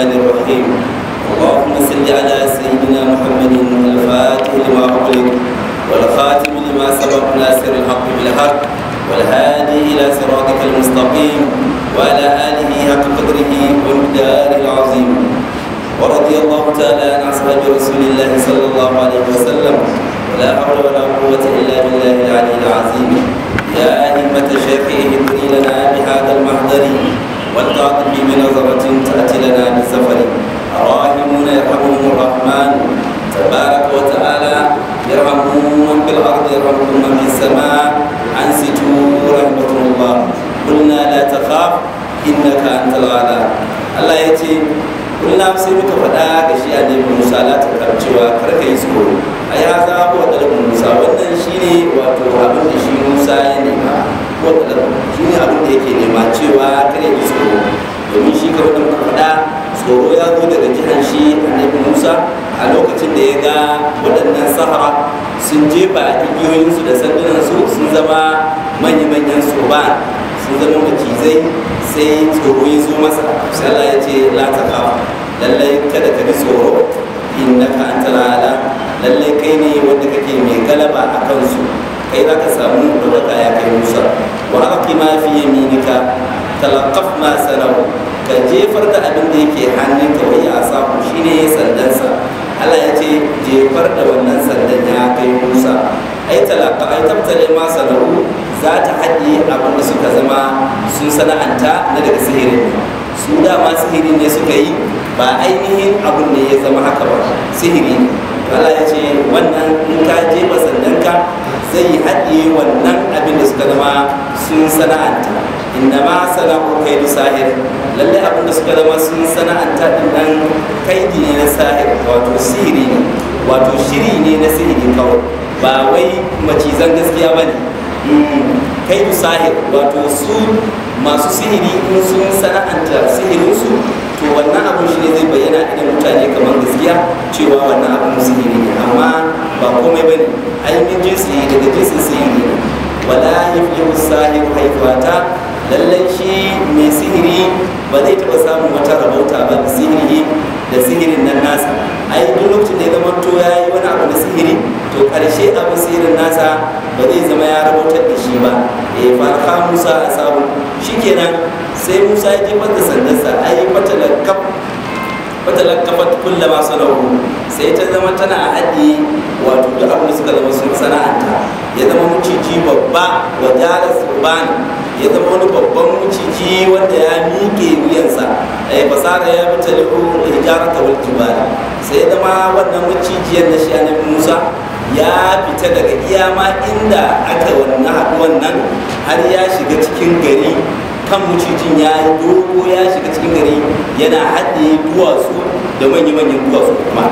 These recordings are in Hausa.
الرحمن الرحيم اللهم صل على سيدنا محمد الفاتح لما أغلق والخاتم لما سبق ناصر الحق بالحق والهادي إلى صراطك المستقيم وعلى آله حق قدره ومقداره العظيم ورضي الله تعالى عن أصحاب رسول الله صلى الله عليه وسلم ولا حول ولا قوة إلا بالله العلي العظيم يا أئمة شيخه اهدني لنا بهذا المحضر والتعقب بنظرة تأتي لنا بالسفر راهمون يرحمهم الرحمن تبارك وتعالى يرحمهم من بالأرض يرحمهم من في السماء أنصتوا رحمة الله قلنا لا تخاف إنك أنت الأعلى الله يتي kullum sai muka faɗa ga shi a neman musa la ta cewa kar ka yi tsoro a ya za ku wa ɗalibin musa wannan shi ne wato abin da shi musa ya nema ko ɗalibin shi ne abin da yake nema cewa kar ya yi tsoro domin shi kamar da muka faɗa tsoro ya zo daga jihar shi annabi musa a lokacin da ya ga waɗannan sahara sun jefa igiyoyinsu da sandunansu sun zama manya-manyan soba sun zama macizai sai tsoro ya zo masa sai ya ce la ta kafa lallai kada ka bi tsoro innaka antal ala lallai kai ne wanda kake mai galaba a kansu kai za ka samu ɗaukaka ya kai musa wa haƙi ma fi yaminika talaqaf ma sanau ka jefar da abin da yake hannunka wai ya samu shine sandansa Allah ya ce jefar da wannan sandan ya kai Musa ai talaka ai tabtale ma sanaru za ta haɗe abin da suka zama sun sana'anta na daga sihiri su da ma sihiri ne suka yi ba ainihin abin da ya zama haka ba sihiri ne Allah ya ce wannan in ka je ba sandanka zai haɗe wannan abin da suka zama sun sana'anta inda ma ko kaidu sahir lalle abin da suka zama sun sana'anta din nan kaidi ne na sahir wato sihiri ne wato shiri ne na sihiri kawo. ba wai macizan gaskiya ba ne kaidu sahir wato su masu sihiri in sun sana'anta sihirinsu to wannan abin shi ne zai bayyana idan mutane kamar gaskiya cewa wannan abin sihiri ne amma ba komai ba ne ainihin jinsi daga jinsin sihiri ne wala yaflihu sahiru haifata lallai shi mai sihiri ba zai taɓa samun wata rabauta ba da sihiri da sihirin nan nasa ai duk lokacin da ya zama to ya yi wani abu na sihiri to ƙarshe abu sihirin nasa ba zai zama ya rabautar da shi ba e eh, farka musa a samu kenan sai musa ya jefar da sandarsa ai fatalar kaf fatalakafat kulla ba su lauru sai ta zama tana haɗi wato da abu suka zama sun sana'anta ya zama muciji babba wa jara suban ya zama wani babban muciji wanda ya miƙe wuyansa ai eh, fasara ya bi da hijara ta wulki ba sai zama wannan mucijiyar na shi annabi Musa ya fita daga iyama inda aka wannan haɗuwan nan har ya shiga cikin gari kan mucijin ya dogo ya shiga cikin gari yana haɗe duwatsu da manya-manyan duwatsu kuma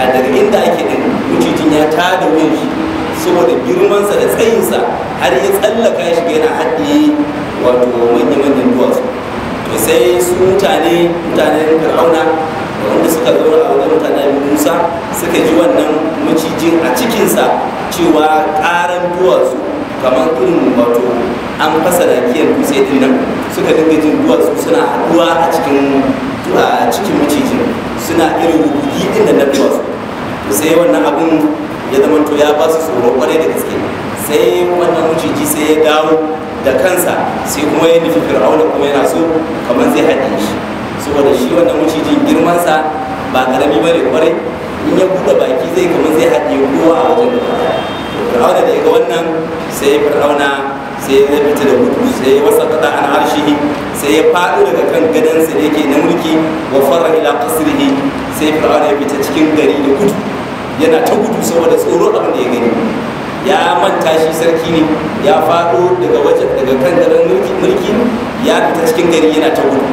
a daga inda ake ɗin mucijin ya tada wuyan shi saboda girmansa da tsayinsa har ya tsallaka ya shiga yana haɗe wato manya-manyan duwatsu to sai su mutane mutanen fir'auna wanda suka zaura a wajen mutanen musa suka ji wannan macijin a cikinsa cewa ƙaran duwatsu kamar irin wato an fasa da kiyar dutse din nan suka dinga jin duwatsu suna haɗuwa a cikin a cikin maciji suna irin rubuti din da na duwatsu sai wannan abun ya zama to ya ba su tsoro kwarai da gaske sai wannan maciji sai ya dawo da kansa sai kuma ya nufi fir'auna kuma yana so kamar zai haɗe shi saboda shi wannan macijin girmansa ba karami ba ne kwarai in ya buɗe baki zai kamar zai haɗe ruwa a wajen fir'auna da ya ga wannan sai fir'auna sai ya fita da gudu sai ya wasa fada an arshihi sai ya faɗo daga kan gadansa da yake na mulki wa fara ila qasrihi sai fir'auna ya fita cikin gari da gudu yana ta gudu saboda tsoro abin da ya gani ya manta shi sarki ne ya faɗo daga wajen daga kan mulki mulki ya fita cikin gari yana ta gudu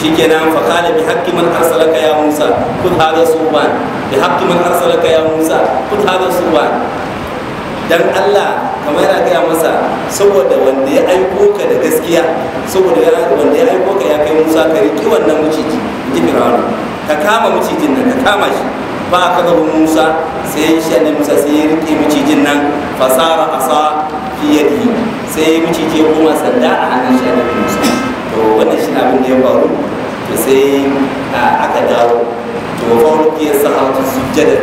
shikenan fa qala bi haqqi man arsalaka ya musa kun hada suban bi haqqi man arsalaka ya musa kun hada suban dan Allah kamar yana gaya masa saboda wanda ya aiko ka da gaskiya saboda wanda ya aiko ka ya kai Musa ka riki wannan muciji ji Fir'auna ka kama mucijin nan ka kama shi ba ka gaba Musa sai shi ne Musa sai ya rike micijin nan fasara asa fi yadihi sai ya ya kuma sanda a hannun shi ne Musa to wannan shi abin da ya faru to sai aka dawo to fa ruqiya sahatu sujjada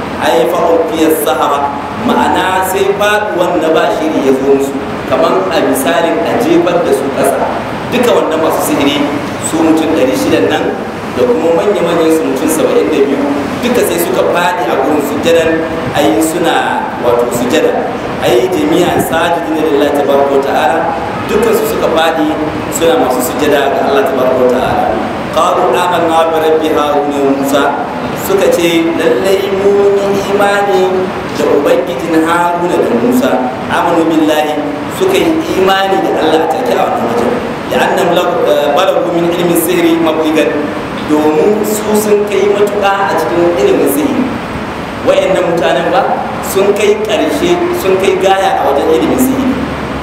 ai fa'ufiyar sahara ma'ana sai ba na bashiri ya zo musu kamar a misalin a jefar da su ƙasa duka wannan masu sihiri su mutum ɗari shidan nan da kuma manya manya su mutum saba'in da biyu duka sai suka faɗi a gurin sujjadan ai suna wato sujjada ai jami'a sajidin da Allah tabaraka ta'ala dukkan su suka faɗi suna masu sujjada ga Allah barko ta'ala qalu amanna bi rabbi haruna musa suka ce lallai mu imani da ubangijin haruna da musa amanu billahi suka yi imani da allah ta a wannan wajen da annam eh, balagu min ilmin sihiri mabligan domin su sun kai matuƙa a cikin ilimin sihiri wayannan mutanen ba sun kai ƙarshe sun kai gaya a wajen ilimin sihiri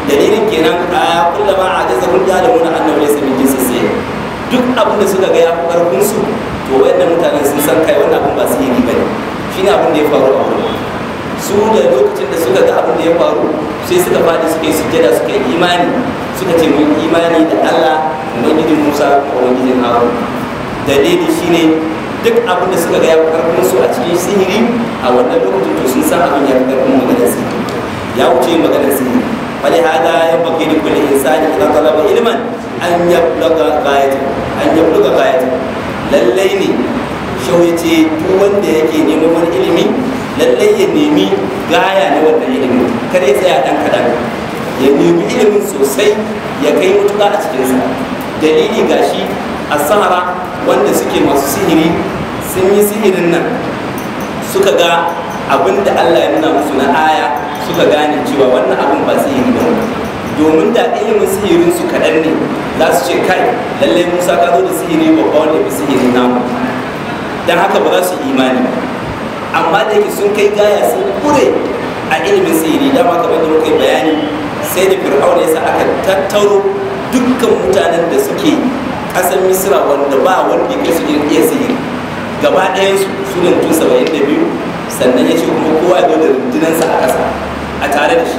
dalilin kenan a kullama a jasa hujja da wani annabi sai min jinsi duk abin da suka ga ya fi karfin su to wayannan mutanen sun san kai wannan abin ba su yi bane ne abin da ya faru a wurin su da lokacin da suka ga abin da ya faru sai suka fadi suka yi sujjada suka yi imani suka ce mun imani da Allah din Musa din Harun dalili shine duk abin da suka ga ya fi karfin su a cikin sihiri a wannan lokacin to sun san abin ya fi karfin maganar sihiri ya wuce maganar sihiri ولهذا ينبغي لكل انسان اذا طلب علما ان يبلغ غايته ان يبلغ غايته lallai ne shau ya ce duk wanda yake neman wani ilimi lallai ya nemi gaya ne wannan ilimin kar ya tsaya dan kadan ya nemi ilimin sosai ya kai mutuka a cikin cikinsa dalili gashi a sahara wanda suke masu sihiri sun yi sihirin nan suka ga da Allah ya nuna musu na aya suka gane cewa wannan abin ba sihiri ba domin da ilimin sihirin su kaɗan ne za su ce kai lallai musa ka zo da sihiri babba wanda fi sihiri namu Dan haka ba za su imani amma da yake sun kai gaya sun kure a ilimin sihiri dama ka da muka bayani sai da fir'auna yasa sa aka tattaro dukkan mutanen da suke kasan misira wanda ba wanda ya su iya sihiri gaba ɗayan su sunan tun saba'in da biyu sannan ya ce kuma kowa ya da rundunansa a ƙasa a tare da shi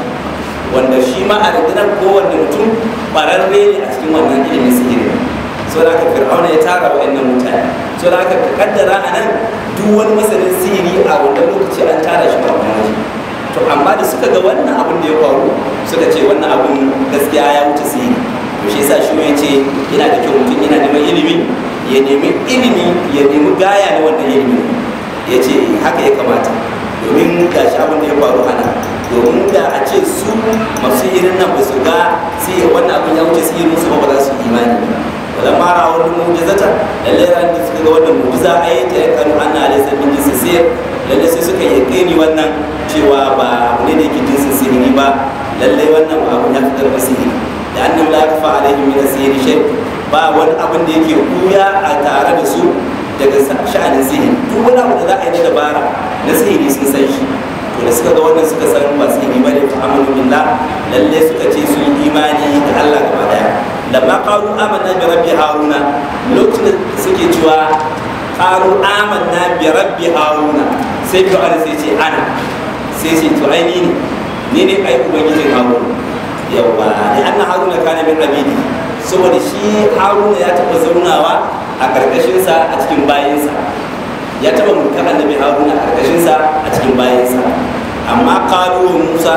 wanda shi ma a rundunar kowanne mutum ƙwararre ne a cikin wannan ilimin sihiri so da aka fir'auna ya tara wa'annan mutane so da aka kaddara a nan duk wani masanin sihiri a wanda lokaci an tara shi ba wani to amma da suka ga wannan abin da ya faru suka ce wannan abin gaskiya ya wuce sihiri to shi yasa shi ya ce yana da kyau mutum yana neman ilimi ya nemi ilimi ya nemi gaya na wannan ilimi ya ce eh, haka ya kamata domin ga shi abin da ya faru ana domin da a ce su masu irin nan ba su ga sai wannan abin ya wuce yi musu ba za su imani ba da mara wani mu'jizata lalle ran da suka ga wannan mu'jiza a yi ta kanu ana alaihi min jinsi sai lalle sai suka yi gani wannan cewa ba abu ne da yake jinsin sihiri ba lalle wannan abu ya fitar da sihiri da annabi la kafa alaihi min sihiri shay ba wani abin da yake kuya a tare da su daga sha'anin zihin duk wani abu da za a yi na dabara na sihiri sun san shi to da suka ga wannan suka san ba sihiri ba ne ta amanu billah lalle suka ce su yi imani da Allah gaba daya lamma qalu amanna bi rabbi haruna lokacin da suke cewa qalu amanna bi rabbi haruna sai ka an sai ce ana sai ce to ai ni ne ne ai ubangijin haruna yawa ni anna haruna kana min abidi saboda shi haruna ya taɓa zaunawa a ƙarƙashinsa a cikin bayansa ya taɓa mulkar annabi haruna a ƙarƙashinsa a cikin bayansa amma ƙalu wa musa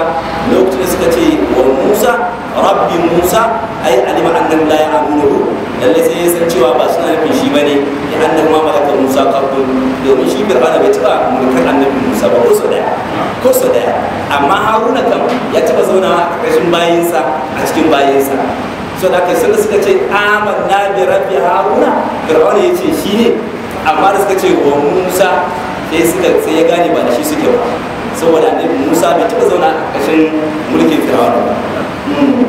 lokacin da suka ce wa musa rabbi musa ai alima annan la ya amunahu lalle sai ya san cewa ba suna nufin shi bane ya annan ma malaka musa kafu domin shi fir'auna bai taɓa mulkar annabi musa ba ko sau daya ko sau amma haruna kam ya taɓa zaunawa a ƙarƙashin bayansa a cikin bayansa so da kai sun suka ce na bi rabbi haruna fir'aun ya ce shi ne amma da suka ce wa musa sai suka sai ya gane ba da shi suke ba saboda ne musa bai taba zauna a ƙarshen mulkin fir'aun ba hmm.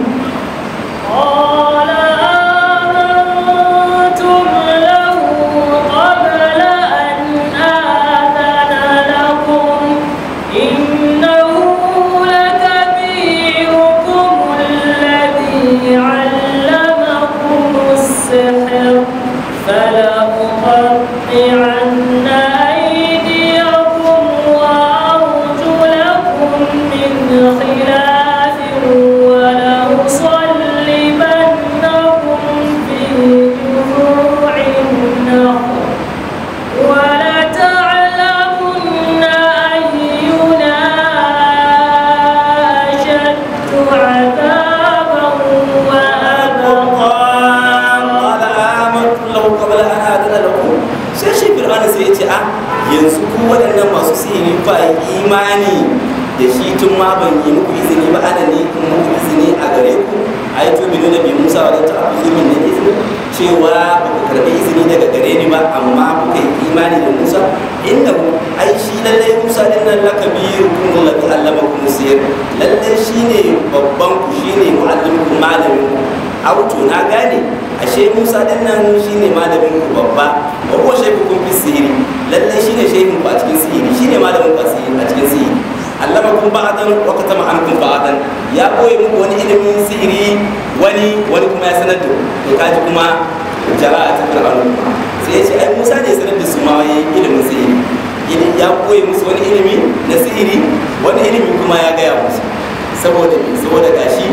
ma ban yi muku izini ba ana ne kun muku izini a gare ku a yi to na bi musa wa ta abu min na izini cewa ba ku karbi izini daga gare ni ba amma ku kai imani da musa inda ku ai shi lallai musa din nan laka kun kun wallafi allama ku musayar lallai shi ne babban ku shi ne mu'allim ku malamin ku wuto na gane ashe musa din nan shi ne malamin ku babba wa huwa kun fi sihiri lallai shi ne shaykhin ku a cikin sihiri shi ne malamin ku a cikin sihiri allamakum ba'dan wa katama ankum ba'dan ya koyi muku wani ilimi sihiri wani wani kuma ya sanar da to kaji kuma jara'atul qur'an sai shi ce ai Musa ne sanar da su ma ilimin sihiri ya koyi musu wani ilimi na sihiri wani ilimi kuma ya gaya musu saboda saboda gashi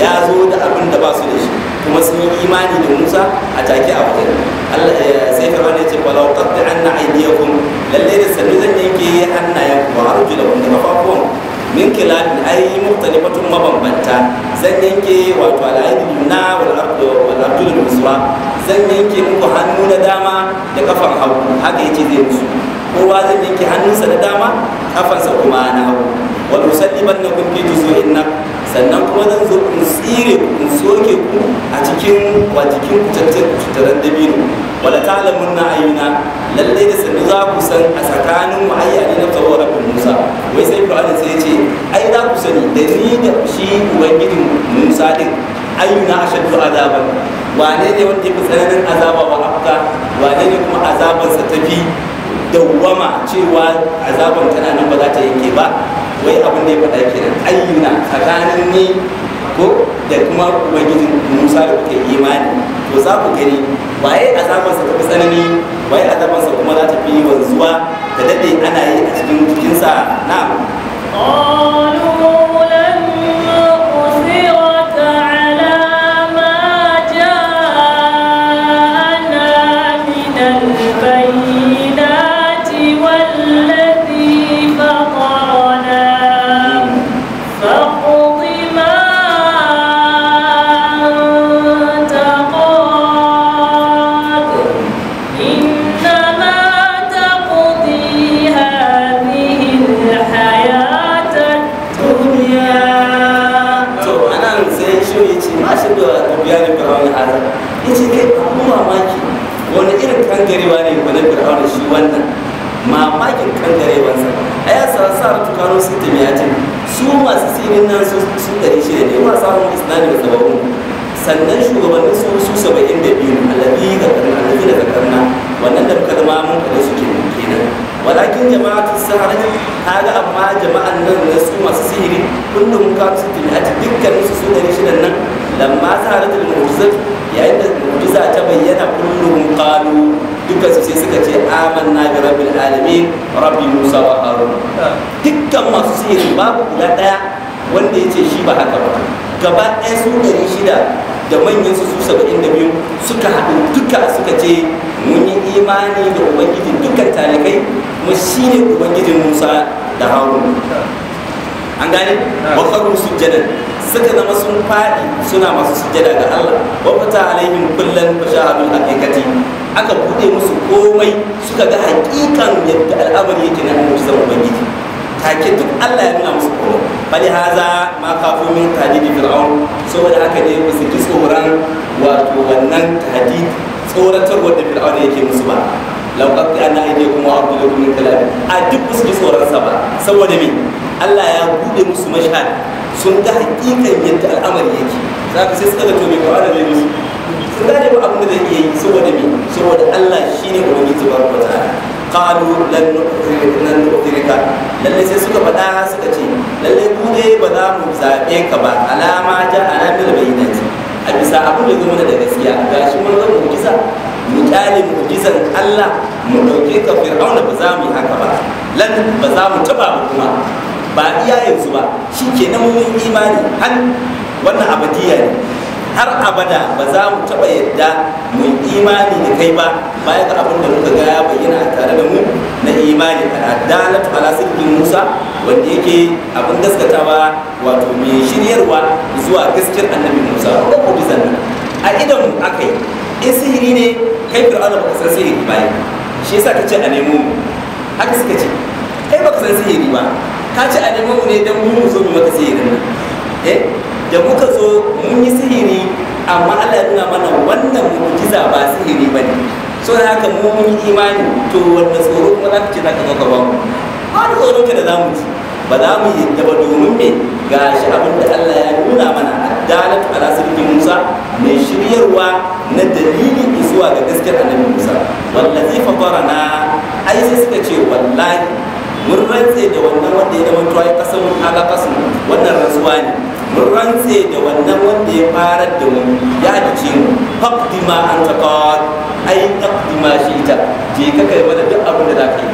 ya zo da abin da ba su da shi kuma sun yi imani da musa a take a wajen. allah eh, sai fara ne ce falau qad anna aydiyakum lalle da sanu zan yanke hannayen ku har ku kun da mafakon min kilabin ai muhtalifatun mabambanta zan yanke wato al'aidi na wal ardu wal ardu zan yanke muku hannu na dama da kafan hagu haka yace zai musu kowa zan yanke hannunsa na dama kafansa kuma na hagu wa usallibannakum fi tusu naql sannan kuma zan zo in tsire in soke ku a cikin wa jikin cutattaren dabino wala ta'lamun na ayyuna lallai da sannu za ku san a tsakanin mu ayyani na tawo Musa wai sai fir'aun sai ya ce ai za ku sani da ni da shi ubangijin Musa din ayyuna ashaddu azaban wane ne wanda ya fi tsananin azaba wa afka wane ne kuma azabansa tafi dawwama cewa azaban tana nan ba za ta yanke ba wai abin da ya faɗa ke nan ayyuna tsakanin ni ko da kuma ubangijin musa da kuke imani to za ku gani waye zamansa ta fi tsanani waye a zamansa kuma za ta fi wanzuwa da daɗe ana yi a cikin jikinsa na samu sitimiyatin su masu sirin nan su ɗari shida ne ma samun islami da sababin sannan shugabannin su su saba'in da biyu alabi da alabi da karna wannan da muka zama mun kaɗai su ke kenan walakin jama'atun sahara kaga amma jama'an nan na su masu sihiri kullum ka su timiyatin dukkanin su su ɗari shida nan lamma sa'aratul mu'jizat yayin da mu'jiza ta bayyana kullum qalu duka su sai suka ce amanna bi rabbil alamin rabbi musa wa harun dukkan masu sihiri babu guda daya wanda ya ce shi ba haka ba gaba ɗaya su ɗari shida da manyan su saba'in da biyu suka haɗu duka suka ce mun yi imani da ubangijin dukkan talibai kuma shi ne ubangijin musa da harun an gane ah. wakaru sujjadan suka zama sun faɗi suna masu sujjada ga Allah wa fata alaihim kullan mashahadul haqiqati aka bude musu komai suka ga hakikan yadda al'amari yake na mu'jizar ubangiji take duk Allah ya nuna musu komai bali haza ma kafu min tahdidi fir'aun saboda haka ne ba su ki tsoron wato wannan tahdid tsoratarwar da fir'aun yake musu ba laukar da ana aike kuma abu da kuma talabi a duk ba su ji tsoronsa ba saboda me allah ya buɗe musu mashahad sun ga hakikan yadda al'amari yake za ka sai suka to me kawai da zai musu sun gane ba abin da zai iya yi saboda me saboda allah shi ne ubangiji ba wa ta'ala qalu lan nu'thirika lalle sai suka faɗa suka ce lalle ku dai ba za mu zaɓe ka ba alama ja a bisa abin da da gaskiya gashi mun zama mu kyale Allah mu dauke ka fir'auna ba za mu yi haka ba lan ba za mu taba ba kuma ba iya yanzu ba shikenan mun imani har wannan abadiya ne har abada ba za mu taba yadda mu imani da kai ba bayan ga abin da muka ga ya bayyana a tare da mu na imani a dalatu ala sirrin Musa wanda yake abin gaskatawa wato mai shiryarwa zuwa gaskiyar annabi Musa ko zanna a idan mu akai in sihiri ne kai fir'auna ka san sihiri ba shi yasa ka ce a nemo mu haka suka ce kai ka san sihiri ba ka ce a nemo mu ne don mu zo mu maka sihirin nan eh da muka zo mun yi sihiri amma Allah ya nuna mana wannan mu'jiza ba sihiri ba ne so da haka mu mun yi imani to wannan tsoro kuma za ka ce za ka zo ka ba mu ba da tsoron ka da za mu ci ba za mu yi ba domin me shi abin da Allah ya nuna mana addalat ala sirri Musa ne shiryarwa na dalili zuwa ga gaskiyar annabi Musa wallazi fatarana ai sai suka ce wallahi mun rantse da wannan wanda ya zama ya kasan ala kasan wannan rantsuwa ne mun rantse da wannan wanda ya fara da mu ya dace mu faqdima an taqad ai taqdima shi ita je ka kai mana duk abin da zaka yi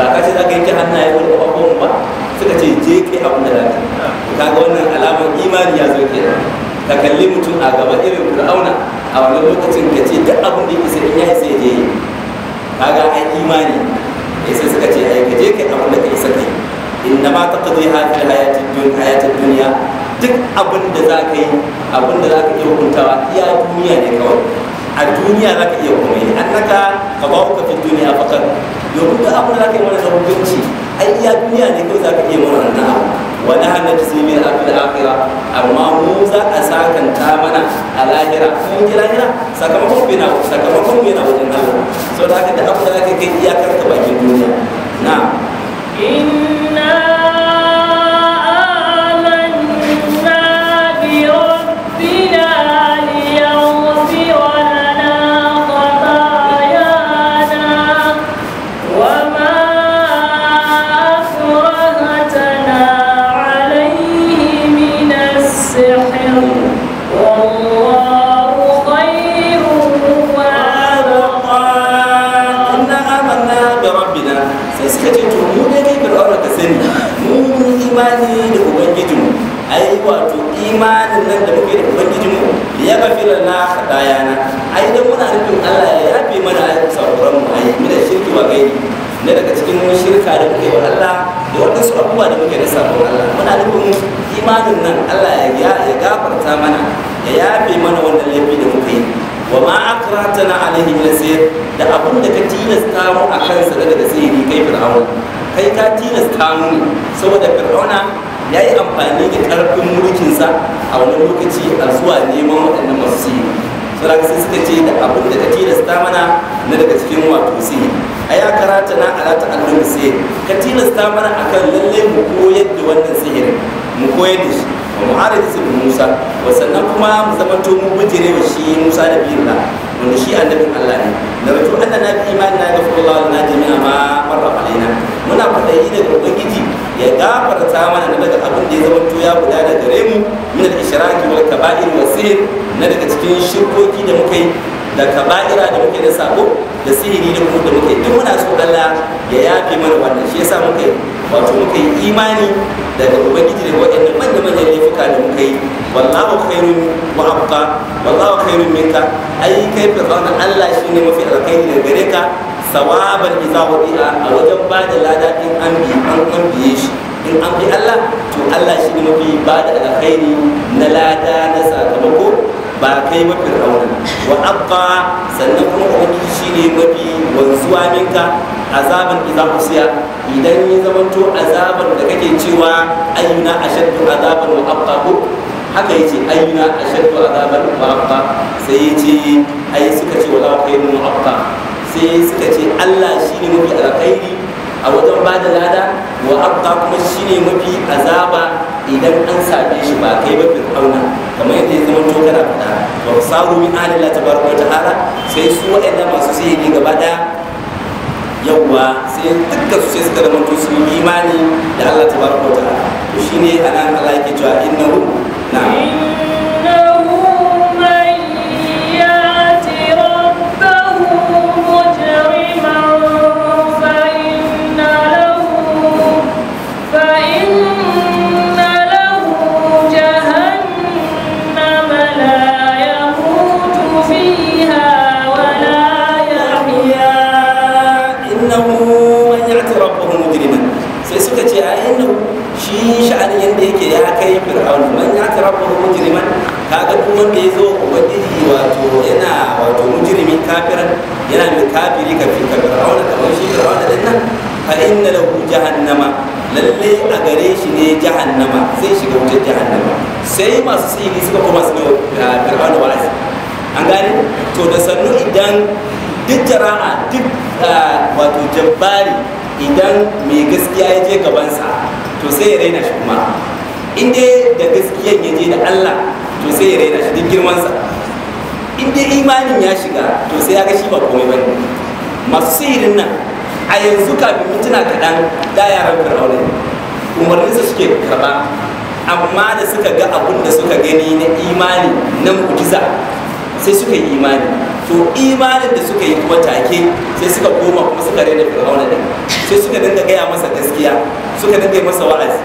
ba ka ce za ka hannaye wani ƙwaƙwaƙwan ba suka ce je ke abu da zaka ka ga wannan alamar imani ya zo ke ka kalli mutum a gaba irin fir'auna a wannan lokacin ka ce duk abin da isa sai in yayi sai je yi. ka ga ai imani ya sai suka ce ai ka je ke abin da ka isa kai inna ma taqdi hadhihi hayatid dunya hayatid dunya duk abin da za ka yi abin da za ka iya hukuntawa iya duniya ne kawai a duniya za ka iya komai an naka ka ba ku kafin duniya fakar domin duk abin da za ka yi mana na hukunci ai iya duniya ne kawai za ka iya mana wannan abu wani hannun da zai mera abin akira amma mu za a sakanta mana a lahira mun ji lahira sakamakon bina sakamakon bina wajen Allah so da haka da abin da za ka kai iyakar ka bakin duniya na na hadaya na ai dan muna nufin Allah ya yafe mana ai sauran mu ai mina shirki wa gaini ne daga cikin shirka da muke wa Allah da wannan su abubuwa da muke da sabon Allah muna nufin imanin nan Allah ya ya gafarta mana ya yafe mana wannan laifi da muke yi wa ma akratana alaihi min sayr da abun da ka tilasta mu akan sa daga sayri kai fir'auna kai ka tilasta mu saboda fir'auna ya yi amfani da ƙarfin mulkinsa a wani lokaci a zuwa neman waɗannan masu sihiri saboda sai suka ce da abin da ta tilasta mana na daga cikin wato sihiri a ya karata na alata ta'allum sihiri ka tilasta mana kan lallai mu koyar da wannan sihirin mu koyar da shi wa mu'arij musa wa sannan kuma mu zama to mu bijire wa shi musa da biyu wanda shi annabin Allah ne na rato da na fi imani na ga fulla na jami'a ma marra alaina muna fadayi daga ubangiji ya gafarta mana daga abin da ya zama to ya guda da gare mu min al ishraki wal kaba'ir wa sihr na daga cikin shirkoki da muka yi da kaba'ira da muke da sabo da sihiri da kuma da muke duk muna so Allah ya yafe mana wannan shi yasa muka wato mu yi imani daga ubangiji wa'in da manya manyan laifuka da muka yi wallahu khairun wa abqa wallahu khairun minka ai kai fir'auna Allah shine mafi alkhairi daga gare ka sawaban iza ila a wajen ba da lada in an bi an biye shi in an bi Allah to Allah shine mafi ba da alkhairi na lada na sakamako ba kai mafi raunin, wa abba sannan kuma ubangi shine mafi wanzuwa minka azaban za ku usiya idan yi zamanto azaban da kake cewa ayyuna ashaddu azaban wa abba ko haka yace ayyuna ashaddu azaban wa abba sai yace ai suka ce wala khairun abba sai suka ce Allah shine mafi alkhairi a wajen bada lada wa abba kuma shine mafi azaba idan an same shi ba kai ba fir'auna kamar yadda ya zama to kana fada wa saru min alillah tabaraka ta'ala sai su waɗanda masu sihiri gaba daya yawwa sai dukkan su sai suka zama su yi imani da Allah tabaraka ta'ala to shine anan Allah yake cewa innahu na'am innahu man ya'ti rabbahu mujriman sai suka ce a innahu shi sha'anin yanda yake ya kai fir'aun man ya'ti rabbahu mujriman kaga duk wanda ya zo ubangiji wato yana wato mujrimi kafira yana min kafiri kafin ka fir'aun kamar shi fir'aun din nan fa inna lahu jahannama lalle a gare shi ne jahannama zai shiga wuta jahannama sai masu sihiri suka koma su ne fir'aun wa'azi an gane to da sannu idan duk jama'a duk ah, wato jabbari idan mai gaskiya ya je gabansa to sai ya raina shi kuma in dai da ya je da Allah to sai ya raina shi duk girmansa in dai imanin ya shiga to sai ya ga shi ba komai ba masu sihirin nan a yanzu kafin mintuna kaɗan da yaran fir'auna umarninsa suke karɓa amma da suka ga abun da suka gani na imani na mu'jiza sai suka yi imani to imanin da suka yi kuma take sai suka koma kuma suka rena fir'auna din sai suka dinga gaya masa gaskiya suka dinga masa wa'azi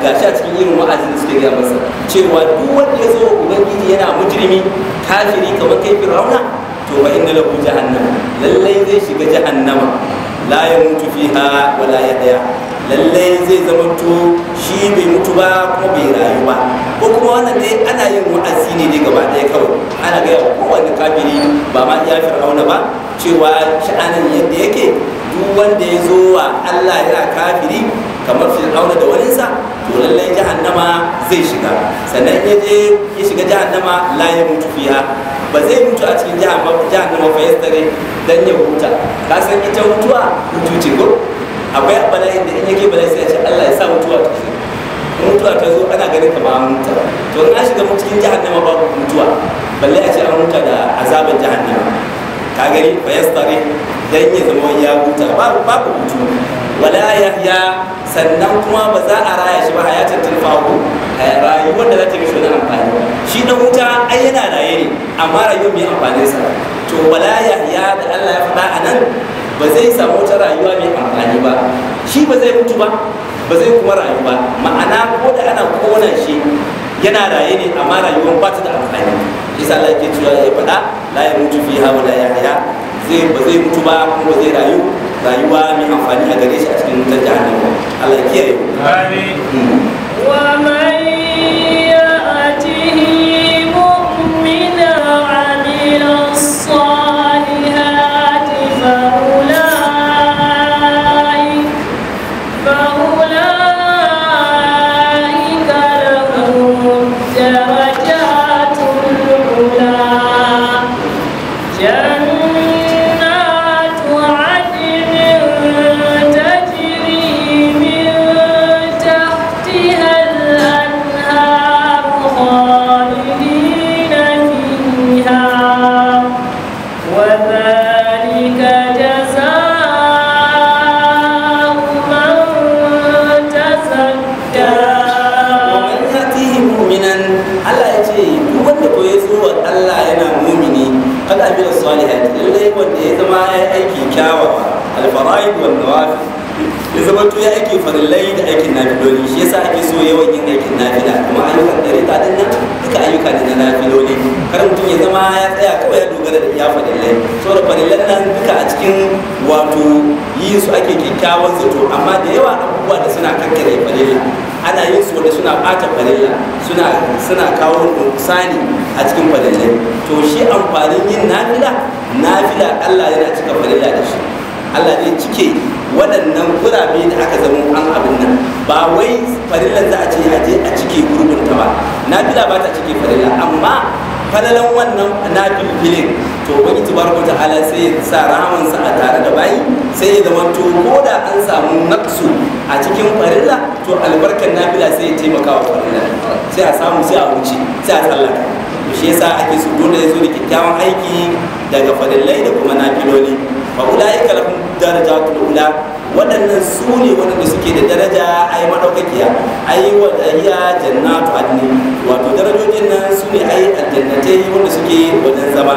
ga shi a cikin irin wa'azin da suka gaya masa cewa duk wanda ya zo ubangiji yana mujrimi kafiri kamar kai fir'auna to ba inna lahu jahannam lallai zai shiga jahannama la yamutu fiha wala la yahya lallai zai zamanto shi bai mutu ba kuma bai rayu ba ko kuma wannan dai ana yin wa'azi ne dai gaba ɗaya kawai ana gaya wa kowane kafiri ba ma iya fir'auna ba cewa sha'anin yadda yake duk wanda ya zo wa Allah yana kafiri kamar fir'auna da waninsa to lallai jahannama zai shiga sannan ya je ya shiga jahannama la ya mutu fiha ba zai mutu a cikin jahannama fa yastare dan ya huta ka ita mutuwa hutu ce ko akwai bala'in da in yake bala'i sai a ce Allah ya sa mutuwa ta shi mutuwa ta zo ana ganin kamar an mutu to in an shiga cikin jahannama babu mutuwa balle a ce an mutu da azaban jahannama ka gani fa yastari dan ya zama ya mutu babu babu mutu wala yahya sannan kuma ba za a raya shi ba hayatin tilfahu rayuwar da za ta mishi wani amfani shi dan wuta ai yana raye ne amma rayuwar mai amfanin sa to wala yahya da Allah ya faɗa a nan ba zai samu wata rayuwa mai amfani ba shi ba zai mutu ba ba zai kuma rayu ba ma'ana ko da ana kona shi yana raye ne amma rayuwar ba ta da amfani shi sa Allah yake cewa ya faɗa la ya mutu fi ha wala yahya zai ba zai mutu ba kuma zai rayu rayuwa mai amfani a gare shi a cikin wutar jahannama Allah ya kiyaye amin hmm. amila salihat lallai wanda ya zama ya aiki kyawawa alfara'id wal nawafi ya zama to ya aiki farillai da aikin nafiloli shi yasa ake so yawan yin aikin nafila kuma ayyukan dare ta dinna duka ayyuka ne na nafiloli kar mutum ya zama ya tsaya kawai ya dogara da iya so da farillan nan duka a cikin wato yin su ake kyakkyawan zato amma da yawa abubuwa da suna kankare falila ana yin su wanda suna bata falila suna suna kawo nuksani a cikin falila to shi amfanin yin nafila nafila Allah yana cika falila da shi Allah zai cike waɗannan gurabe da aka zama an abin nan ba wai farillan za a ce a je a cike gurbin ta ba nafila ba ta cike falila amma falalan wannan na filfilin to wani wata ta'ala sai ya sa ramansa a tare da bayi sai ya zama to ko da an samu naksu a cikin farilla to albarkar nafila sai ya taimaka wa farilla sai a samu sai a wuce sai a tsallaka to shi yasa ake so dole ya zo da kyakkyawan aiki daga farillai da kuma nafiloli fa ulaika lahum darajatul ula waɗannan su ne waɗanda suke da daraja yi maɗaukakiya ai wadayya jannatu adni wato darajojin nan su ne yi aljannatai wanda suke wajen zama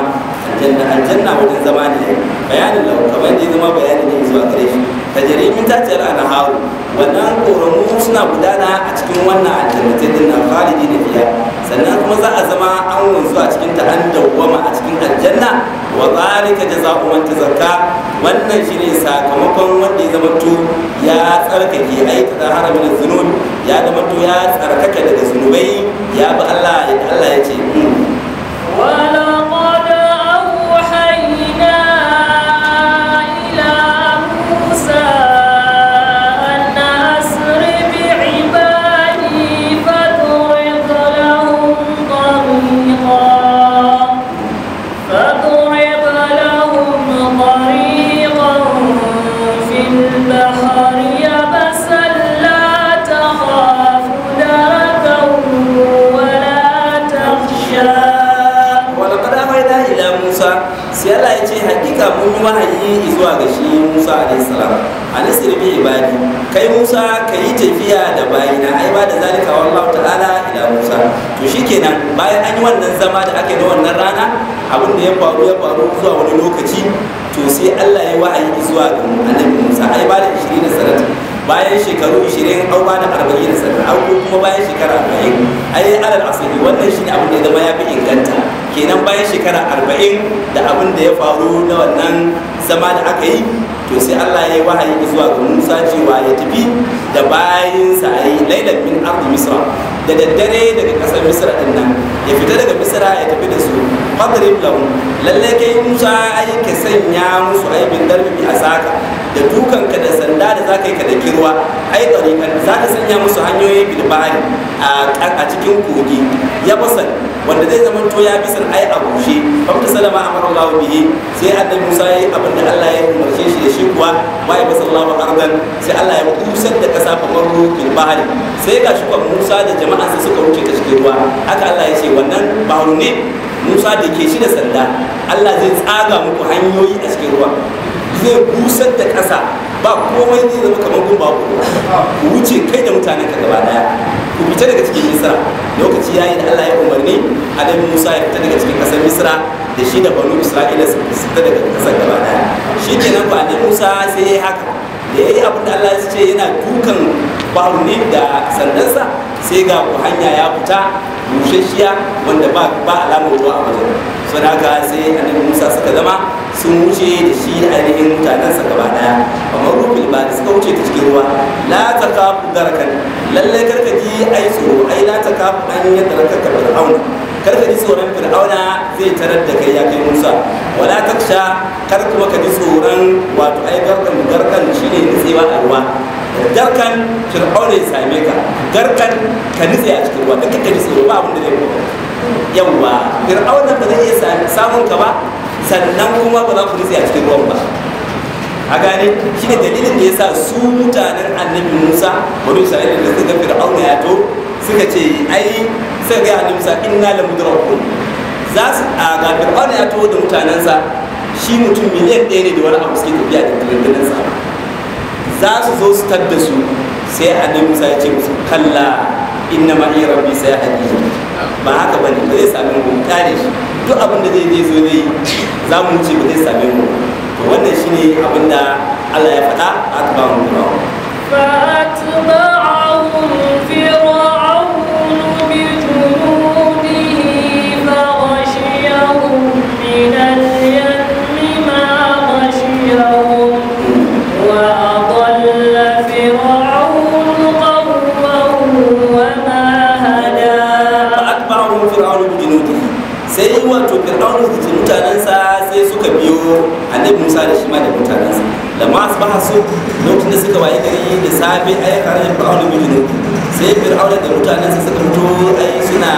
aljanna wajen zama ne bayanin lau kamar da zama bayanin ne zuwa gare shi tajari min tatiyar anharu wannan ƙoramu suna gudana a cikin wannan aljannatai din na khalidi na fiya sannan kuma za a zama an wanzu a cikin ta an dawwama a cikin aljanna wa zalika jazaa'u man tazakka wannan shine sakamakon wanda ya zamanto ya tsarkake ai ta zahara min zunub ya zamanto ya tsarkaka daga zunubai ya ba Allah ya Allah ya ce hmm, wahayi zuwa ga shi musa alaihi salam anisir bi ibadi kai musa ka yi tafiya da bayina ai ba da zalika wallahu ta'ala ila musa to shikenan bayan an yi wannan zama da ake da wannan rana abin da ya faru ya faru zuwa wani lokaci to sai Allah ya wahayi zuwa ga annabi musa ai ba da 20 bayan shekaru 20 au ba da 40 sana ko kuma bayan shekara 40 ai alal asali wannan shine abin da ya zama ya fi inganta kenan bayan shekara 40 da abin da ya faru na wannan zama da aka yi to sai Allah ya yi wahayi zuwa ga Musa cewa ya tafi da bayinsa sa yi lailan min ardi misra da daddare daga kasar misra din nan ya fita daga misra ya tafi da su fadrib lahum lalle kai Musa ai ka sanya musu aibin darbi a saka da dukanka da sanda da za ka yi ka da kirwa ai tsarikan za ka sanya musu hanyoyin bilbari a cikin kogi ya basan wanda zai zama to ya bisan ai a bushe babu salama amara Allah bihi sai annabi Musa yayi abin da Allah ya umarce shi da shi kuwa ma ya basa Allah sai Allah ya kusar da kasa kamar rukin bahari sai ga shi Musa da sa suka wuce ta cikin ruwa haka Allah ya ce wannan bahru ne Musa da ke shi da sanda Allah zai tsaga muku hanyoyi a cikin ruwa zai busar da ƙasa ba komai zai zama kamar gumba ku wuce kai da mutanen ka gaba daya ku fita daga cikin misra lokaci yayi da Allah ya umarni annabi Musa ya fita daga cikin ƙasar misra da shi da banu Isra'ila su fita daga ƙasar gaba daya shi kenan ba annabi Musa sai ya haka da ya yi abin da Allah ya ce yana dukan bahunin da sandansa sai ga ku hanya ya fita bushashiya wanda ba ba alamar ruwa a wajen so haka sai annabi Musa suka zama sun wuce da shi ainihin mutanensa gaba daya amma rufin ba da suka wuce ta cikin ruwa la ta kafu garakan lallai karkaji ai tsoro ai la ta kafu an yadda ranka ka fir'auna kar ka ji tsoron fir'auna zai tarar da kai ya kai musa wala taksha kar kuma ka ji tsoron wato ai garkan garkan shine ba a ruwa garkan fir'auna ya same ka garkan ka nitse a cikin ruwa duk ka ji tsoro ba abin da zai kuma yawa fir'auna ba zai iya samun ka ba sannan kuma ba za ku nitse a cikin ruwan ba a gane shi ne dalilin da ya sa su mutanen annabi musa wani sa'ilin da suka fir'auna ya to suka ce ai sai ga annabi sa inna la mudrakun za su a ga fir'auna ya taho da mutanensa shi mutum miliyan ɗaya ne da wani abu suke tafiya da dandalinsa za su zo su tadda su sai a musa ya ce musu kalla inna ma iya rabbi sai hadiji ba haka ba ne ba zai sami mu kare shi duk abin da zai je zo zai za mu ce ba zai sami mu to wannan shine abin da Allah ya faɗa aka ba mu ba sai wato fir'aun da mutanensa sai suka biyo annabi musa da shi ma da mutanensa lamma asbaha su lokacin da suka waye gari da safe ai kare fir'aun bi jinu sai fir'aun da mutanensa suka fito ai suna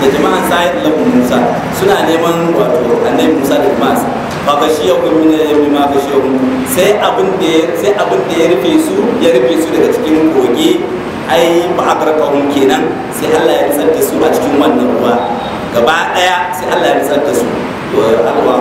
da jama'an sa'id labu musa suna neman wato annabi musa da su ba ka shi yau kuma ne yau ma ka shi yau sai abin da sai abin da ya rufe su ya rufe su daga cikin koge ai ba a kenan sai Allah ya tsare su a cikin wannan ruwa gaba ɗaya sai Allah ya nisar da su wa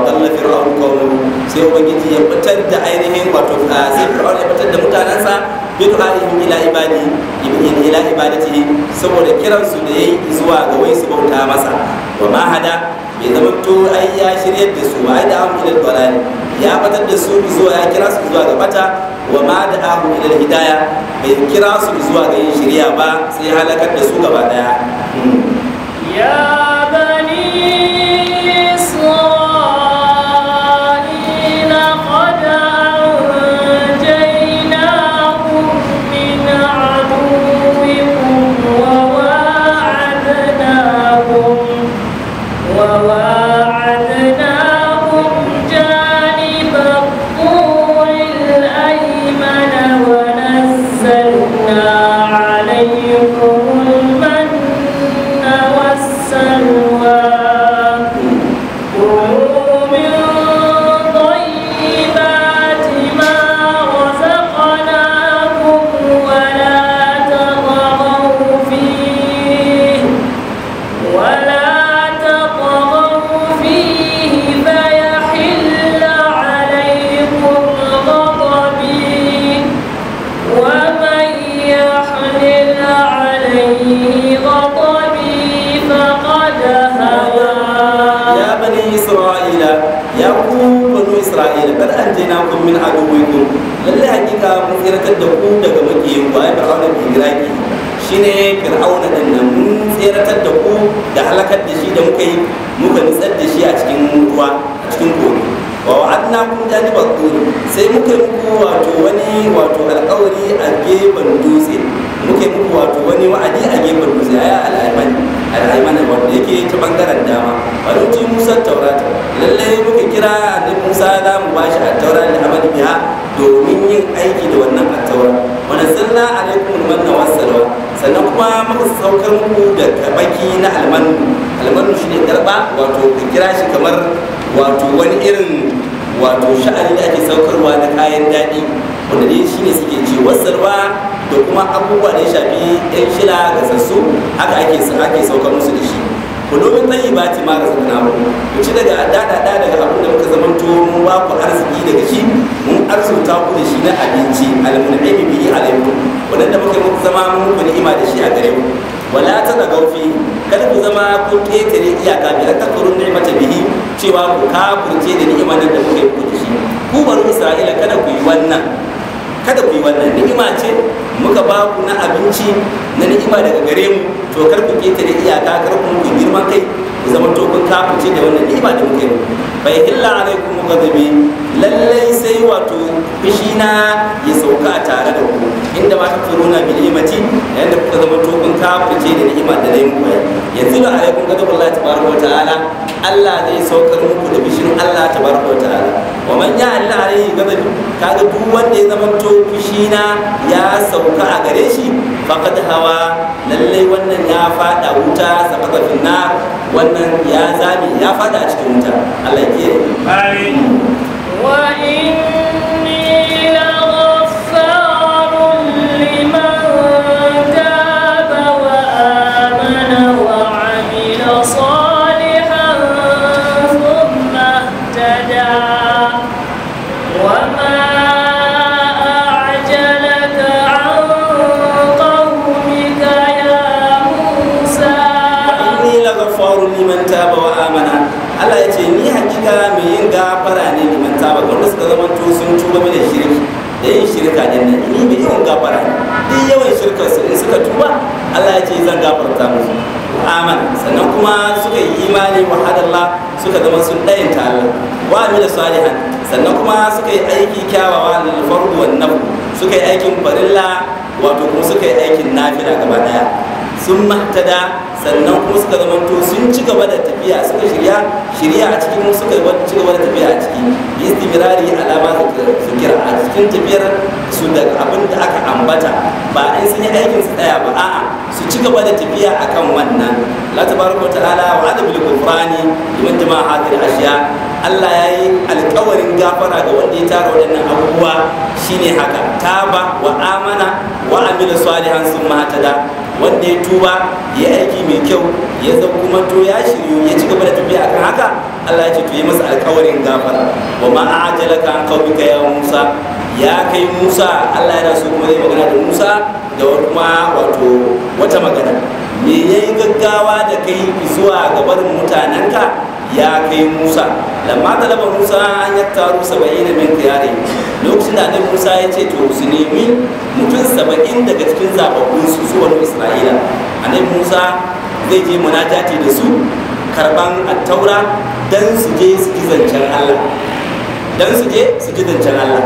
dalla fir'aun qawmu sai ubangiji ya fitar da ainihin wato ah, sai fir'aun ya fitar da mutanansa bi du'aihim ila ibadi ibn ila ibadati saboda kiransu da yayi zuwa ga wai su bauta masa wa ma hada bai zama to ai ya shiryar da su ba da amu ilal dalal ya batar da su zuwa ya kira su zuwa ga bata wa ma da amu ilal hidaya bai kira su zuwa ga yin shirya ba sai halakar da su gaba daya hmm. ya firaki ne fir'auna ɗin nan mun tseratar da ku da halakar da shi da muka yi muka nutsar da shi a cikin ruwa a cikin kogi wa wa'adna kun jani bakuri sai muka yi muku wato wani wato alƙawari a gefen dutse muka yi muku wato wani wa'adi a gefen dutse aya al'aiman al'aiman wanda yake ta bangaren dama wani musa taurata lallai muka kira annabi musa za mu bashi a taurat da amadu biya domin yin aiki da wannan a taurat wani sunna alaikum almanna wassalwa sannan kuma muka saukar muku da tabaki na almanu almanu shine darba wato ka kira shi kamar wato wani irin wato sha'ani da ake saukarwa na kayan daɗi wanda shi shine suke ce da kuma abubuwa da ya shafi yan shila ga sassu haka ake saukar musu da shi kulomin tayyibati ma razaqnakum ku ci daga dada daga abin da muka zamanto mun ba ku arziki daga shi mun arzuta ku da shi na abinci almun'imi bihi alaikum wadanda muka muku zama mun muku ni'ima da shi a gare ku wala na gaufi kada ku zama kun ketare iyaka bi ne ni'mata bihi cewa ku kafurce da ni'imar da muke yi ku da shi ku bari isra'ila kada ku yi wannan kada ku yi wannan ni'ima ce muka ba ku na abinci na ni'ima daga gare mu to kar ke ta da iyaka kar ku girma kai zama to kun kafirce da wannan ba da muke bai hilla alaikum mughadabi lallai sai wato fushi na ya sauka tare da ku inda ma kafiruna bil da yanda kuka zama to kun kafirce da ni'ima da nayi muku yanzu da alaikum ghadabullahi tabaraka wa ta'ala Allah zai saukar muku da fishin Allah tabaraka wa ta'ala wa man ya Allah alaihi ghadabi kaga duk wanda ya zama to fushi na ya sauka a gare shi faqad hawa lallai wannan ya fada wuta sakata na wannan wannan ya zame ya fada cikin wuta Allah sun tuba mana shirki da yin shirka ne nan ni bi yawan gafara yawan shirkar su in suka tuba Allah ya ce zan gafarta musu amin sannan kuma suka yi imani wa hadalla suka zama sun ɗayanta tare wa amila salihan sannan kuma suka yi aiki kyawawa lil fardu wan nafl suka yi aikin farilla wato kuma suka yi aikin nafila gaba ɗaya, sun mahtada sannan kuma suka zama to sun ci gaba da tafiya suka shirya shirya a cikin suka ci gaba da tafiya a ciki istimrari alama kira a cikin tafiyar su da abin da aka ambata ba a sun yi aikin su tsaya ba a'a su ci gaba da tafiya akan wannan la tabaraka ta'ala wa adabil qur'ani liman jama'a hadhihi ashiya Allah ya yi alkawarin gafara ga wanda ya tara waɗannan abubuwa shine haka taba wa amana wa amila salihan sun da wanda ya tuba ya aiki mai kyau ya zan kuma to ya shiryu ya ci gaba da tafiya kan haka Allah ya ce to yi masa alkawarin gafara wa ma kan an qaumika ya Musa ya kai Musa Allah yana so kuma zai magana da Musa da kuma wato wata magana me yayi gaggawa da kai zuwa gaban mutanenka ya kai musa lamma talaba musa an taru saba'ina min khiyari lokacin da annabi musa ya ce to su nemi mutum saba'in daga cikin zababbun su su wani isra'ila annabi musa zai je munajati da su karban attaura dan su je su ji zancen allah dan su je su ji zancen allah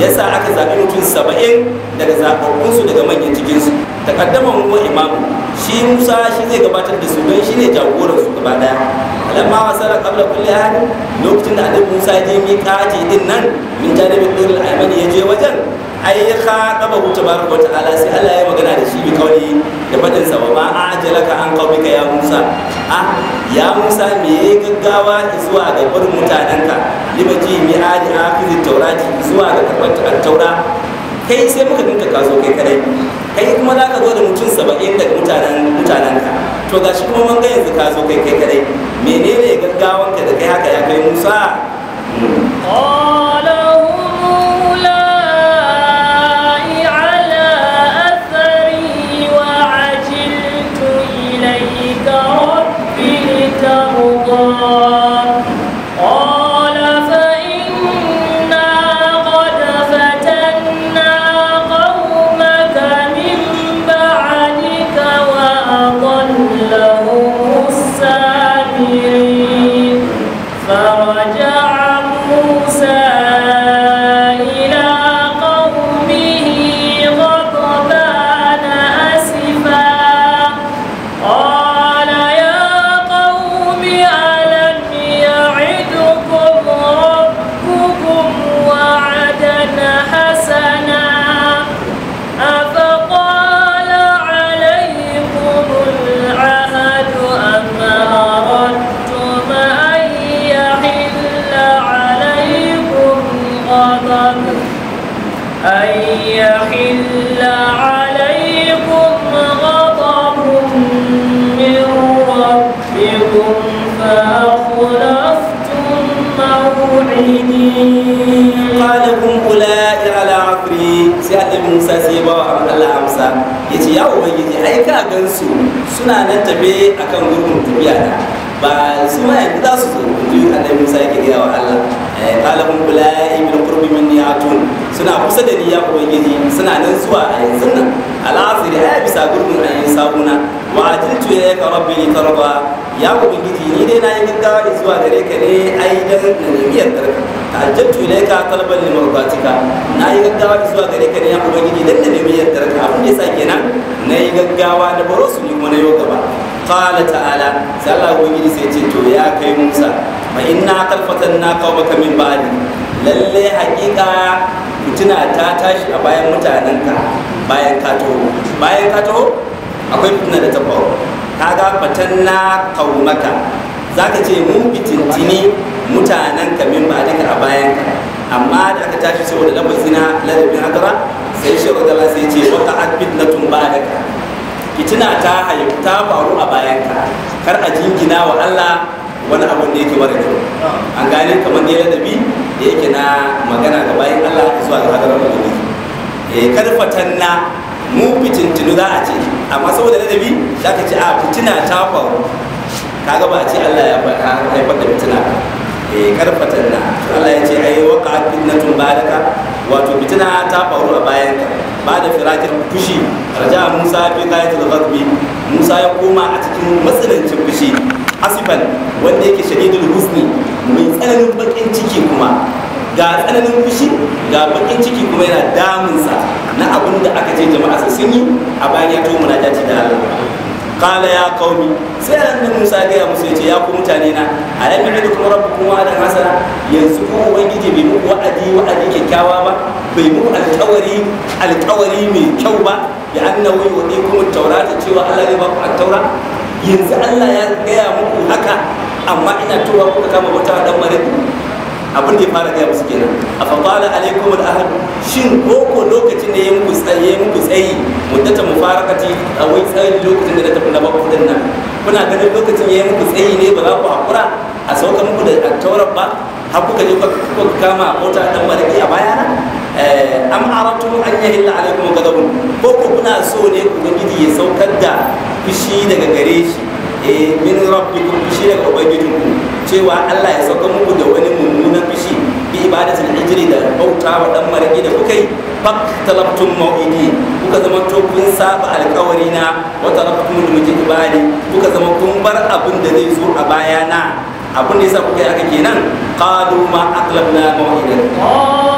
yasa aka zaɓi mutum saba'in daga zababbun su daga manyan cikin su takaddama mu imamu shi musa shi zai gabatar da su don shi ne jagoran su gaba daya lamma wasala qabla kulli hadi lokacin da annabi Musa ya je miƙati din nan min janibi qul al ya je wajen ai ya khaɗaba hu tabaraka wa ta'ala sai Allah ya magana da shi bi kauli da faɗin sa ma ajalaka an qaumika ya Musa ah ya Musa me yayi gaggawa zuwa ga gurin mutanenka libaji mi hadi hafiz taurati zuwa ga karɓar taura kai sai muka dinka kaso kai kadai kai kuma za ka zo da mutum saba'in da mutanen ka to ga shi kuma mun ga yanzu ka zo kai kai kadai menene gaggawanka da kai haka ya kai musa hmm. oh. suna nan tafe kan gurbin tafiya da ba su ma yanzu za su zo biyu annabi Musa yake gaya wa Allah eh, qala hum yi ibn qurbi ya tun suna kusa da ni ya gini suna nan zuwa a yanzu nan al'asiri ya bisa gurbin a yin sabuna wa a jirtu ya ka rabbi ni tarba ya ubangiji ni dai na yi gaggawa zuwa gare ka ne ai dan na nemiyar yadda. tahajjatu ilayka talban li mardatika na yi gaggawa da zuwa gare ka ne ya ubangiji dan da nemi yaddar ka abin da yasa kenan na yi gaggawa da baro su ni kuma na yau gaba qala ta'ala sai Allah ubangiji sai ce to ya kai Musa ma inna kalfatanna qawmaka min ba'di lalle haƙiƙa fitina ta tashi a bayan mutanenka bayan ka taho bayan ka taho akwai fitina da ta faru kaga fatanna qawmaka zaka ce mu fitintini mutanen ka min ba duka a bayan ka amma da aka tashi saboda lafazi zina ladabin hadara sai shi radala sai ce wata adbit na tun ba da ka kitina ta hayu ta faru a bayan ka kar a jingina wa Allah wani abun da yake mara kyau an gane kamar ne ladabi da yake na magana ga bayan Allah zuwa ga hadarar mutum eh karfatan na mu fitintinu za a ce amma saboda ladabi za ka ce a fitina ta faru kaga ba a ce Allah ya haifar da fitina eh karfatan na Allah ya ce ai waqa'at fitnatun baraka wato fitina ta faru a bayan ba da firakin fushi raja Musa fi qayatil ghadbi Musa ya koma a cikin matsanancin fushi asiban wanda yake shadidul husni mai tsananin bakin ciki kuma ga tsananin fushi ga bakin ciki kuma yana damunsa na abin da aka ce jama'a sun yi a bayan ya to munajati da Allah kala ya qaumi sai annabi Musa ga ya musu yace ya ku mutane na alam ya'idukum rabbukum wa'adan hasana yanzu ko ubangiji bai muku wa'adi wa'adi kyakkyawa ba bai muku alƙawari alƙawari mai kyau ba ya annahu yu'tikum at-taurata cewa Allah zai baku at yanzu Allah ya gaya muku haka amma ina towa kuka kama wata dan mariki abin da ya fara gaya musu kenan a faqala alaikum al-ahad shin ko ko lokacin da ya muku tsaye muku tsayi muddata mufarakati a wai tsayin lokacin da na tafi na baku din nan kuna ganin lokacin ya muku tsayi ne ba za ku hakura a sauka muku da taurar ba har kuka je kuka kama mota dan malaki a baya na eh, am aratu an yahilla alaikum ghadabun ko ko kuna so ne ubangiji ya saukar da fushi daga gare shi eh min rabbikum shi bi duku cewa Allah ya sauka muku da wani mummunan bishi bi ibadatul hijri da bauta wa dan maraki da kuka yi fak talabtum mawidi kuka zama to kun saba alkawari na wa talabtum mujibali kuka zama kun bar abin da zai zo a bayana abin da yasa kuka yi haka kenan qalu ma aqlabna mau'idan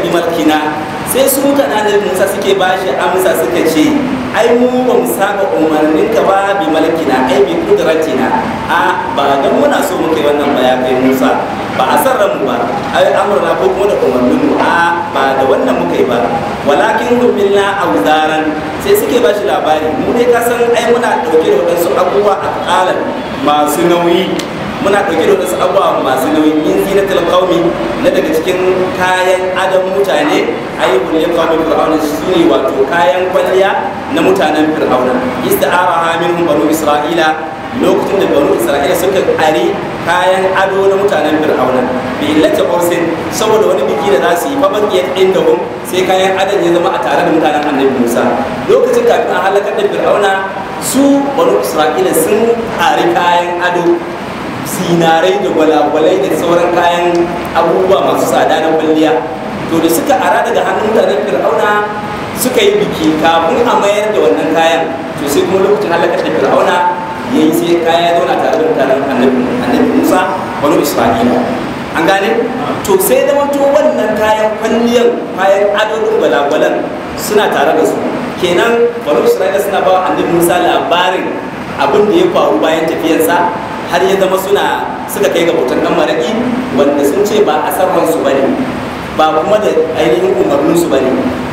bi malkina sai su mutanen musa suke ba shi amsa suka ce ai mu ba mu saba umarnin ka ba bi malakina ai bi kudratina a ba ga muna so muke wannan ba kai musa ba a san ranmu ba ai amurna ko kuma da umarnin mu a ba da wannan muka yi ba walakin rubilna auzaran sai suke ba shi labari mu ne ka san ai muna dauke da wadansu abubuwa a kalan masu nauyi muna ɗauke da wasu abubuwa masu nauyi min zinatul qaumi na daga cikin kayan adam mutane ayyukul yaqamu fir'auna shine wato kayan kwalliya na mutanen fir'auna ista'ara minhum banu isra'ila lokacin da banu isra'ila suka ari kayan ado na mutanen fir'auna bi illati qausin saboda wani biki da za su yi faban iya inda hum sai kayan adon ya zama a tare da mutanen annabi Musa lokacin kafin a halakar da fir'auna su banu isra'ila sun ari kayan ado sinarai da gwalagwalai da sauran kayan abubuwa masu tsada na kwalliya to da suka ara daga hannun mutanen fir'auna suka yi biki kafin a mayar da wannan kayan to sai kuma lokacin halakar da fir'auna ya yi sai kaya ya zauna tare da mutanen annabi musa wani isra'ila an gane to sai da wato wannan kayan kwalliyar kayan adadin gwalagwalan suna tare da su kenan bari isra'ila suna ba annabi musa labarin abin da ya faru bayan tafiyarsa har ya zama suna suka kai ga hoton dan maraki wanda sun ce ba a sarwan su bane ba kuma da ainihin umarnin su bane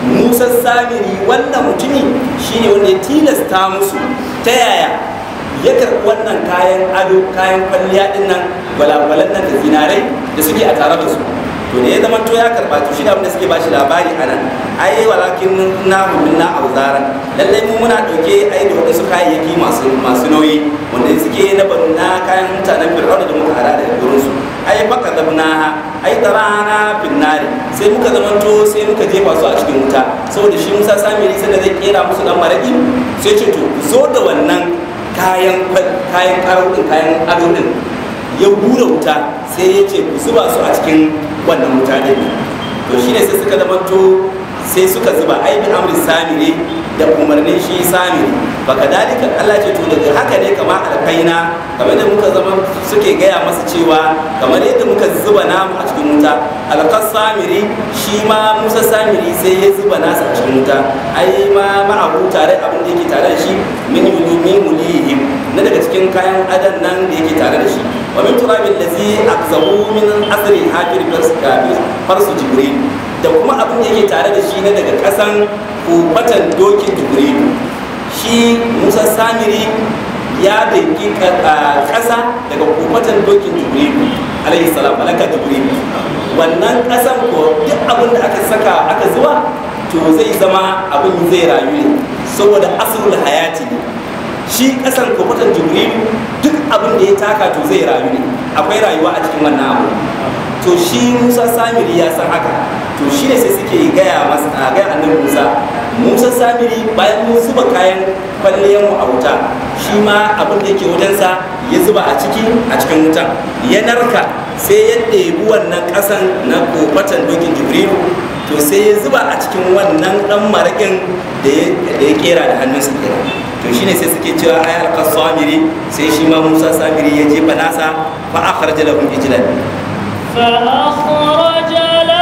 Musa Samiri wannan mutumi shine wanda ya tilasta musu ta yaya ya karɓi wannan kayan ado kayan kwalliya din nan gwalagwalan nan da zinarai da suke a tare da su to ne ya zama to ya karba to shi da da suke bashi labari a ai walakin na hudun na auzaran lallai mu muna dauke ai da wadansu kayayyaki masu masu nauyi wanda suke na na kayan mutanen fir'auna da muka hada da gurin su ai baka zabna ai tarana finnari sai muka zamanto sai muka jefa su a cikin wuta saboda shi Musa Samiri sai da zai kera musu dan maraki sai ce to zo da wannan kayan kayan karo kayan ado ya bura wuta sai ya ce ku zuba su a cikin wannan mutane ne to shine sai suka zamanto sai suka zuba ai bi amri samiri da umarnin shi samiri ba ka kadalika Allah ce to daga haka ne kama alkaina kamar da muka zama suke gaya masa cewa kamar yadda muka zuba namu a cikin wuta alkas samiri shi ma Musa samiri sai ya zuba nasa a cikin wuta ai ma ma'abu tare abin da yake tare da shi min yuli min na daga cikin kayan adan nan da yake tare da shi wa min turabil ladzi aqzamu min asri hafir farsu jibril da kuma abin da yake tare da shi na daga kasan kubatan dokin jibril shi musa samiri ya dangi kasa daga kubatan dokin jibril alayhi salam malaka jibril wannan kasan ko duk abin da aka saka aka zuwa to zai zama abin zai rayu ne saboda asrul hayati ne shi kasan kwakwatan jibrilu duk abin da ya taka to zai rayu ne akwai rayuwa a cikin wannan abu to shi musa samiri ya san haka to shi ne sai suke gaya masa a gaya annabi musa musa samiri bayan mun zuba kayan kwalliyar mu a wuta shi ma abin da yake sa ya zuba a ciki a cikin wuta ya narka sai ya ɗebi wannan ƙasan na kofatan dokin jibrilu to sai ya zuba a cikin wannan ɗan maraƙin da ya kera da hannunsa kenan to shine sai suke cewa ai alqas sabiri sai shi ma Musa sabiri ya jefa nasa fa akhraja lahum ijlan fa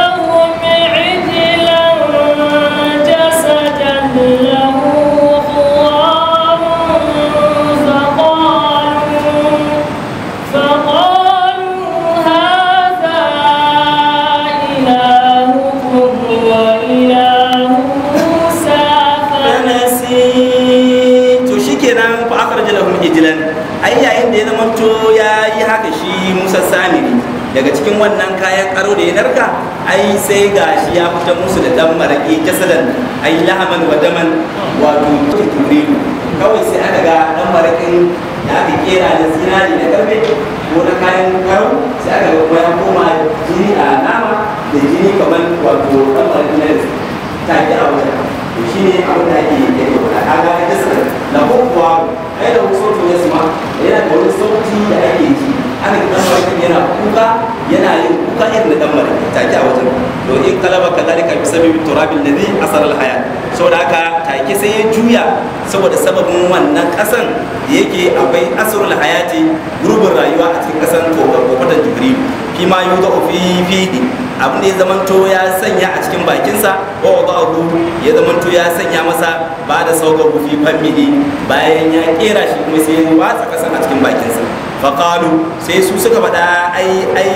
daga cikin wannan kayan karo da ya narka ai sai gashi ya fita musu da dan marake kasadan ai lahaman wa daman wato turidu kawai sai aka ga dan marake da aka kera da zinari da karfe ko na kayan karo sai aka ga kuma ya koma jini a nama da jini kamar wato dan maraki na ji a wajen to ne abin da ake yi da kaga kasadan na ko kuwa ai da wasu sautin ya suma yana da wani sauti da ake ji anik dan malikin yana kuka yana yin kuka irin da dan ta take a wajen to in kalaba kadalika bi sababi turabil ladhi asal alhaya so saboda haka take sai ya juya saboda sababin wannan kasan da yake akwai asrul hayati gurbin rayuwa a cikin kasan to kokotan jibril fi ma yuda fi fidi abin da ya zamanto ya sanya a cikin bakinsa wa wada'ahu ya zamanto ya sanya masa ba da saukar fi fammihi bayan ya kera shi kuma sai ya watsa kasan a cikin bakinsa faƙalu sai su suka faɗa ai ai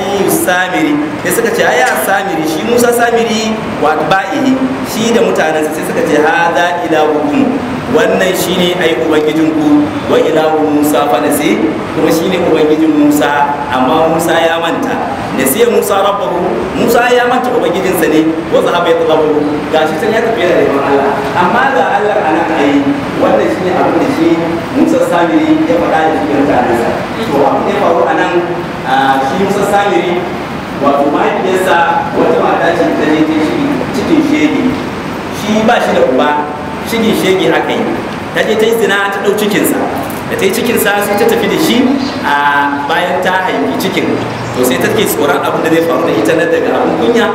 samiri sai suka ce ai samiri shi musa samiri wa ba'ihi shi da mutanen sai suka ce ha za ila hukumu wannan shine ai ubangijin ku wa ilahu musa fa nasi kuma shine ubangijin musa amma musa ya manta nasiya musa rabbahu musa ya manta ubangijinsa ne wa zahaba yatlabu gashi can ya tafi da neman Allah amma ga Allah ana ai wannan shine abin da shi musa samiri ya faɗa da shi mutanensa to abin da ya faru anan shi musa samiri wato mahaifiyarsa wata mata ce ta ne ta shi cikin shege shi ba shi da uba shige shege aka yi ta je ta yi zina ta ɗau cikinsa da ta yi cikinsa sai ta tafi da shi a bayan ta haifi cikin to sai ta ke tsoron abin da zai faru da ita na daga abin kunya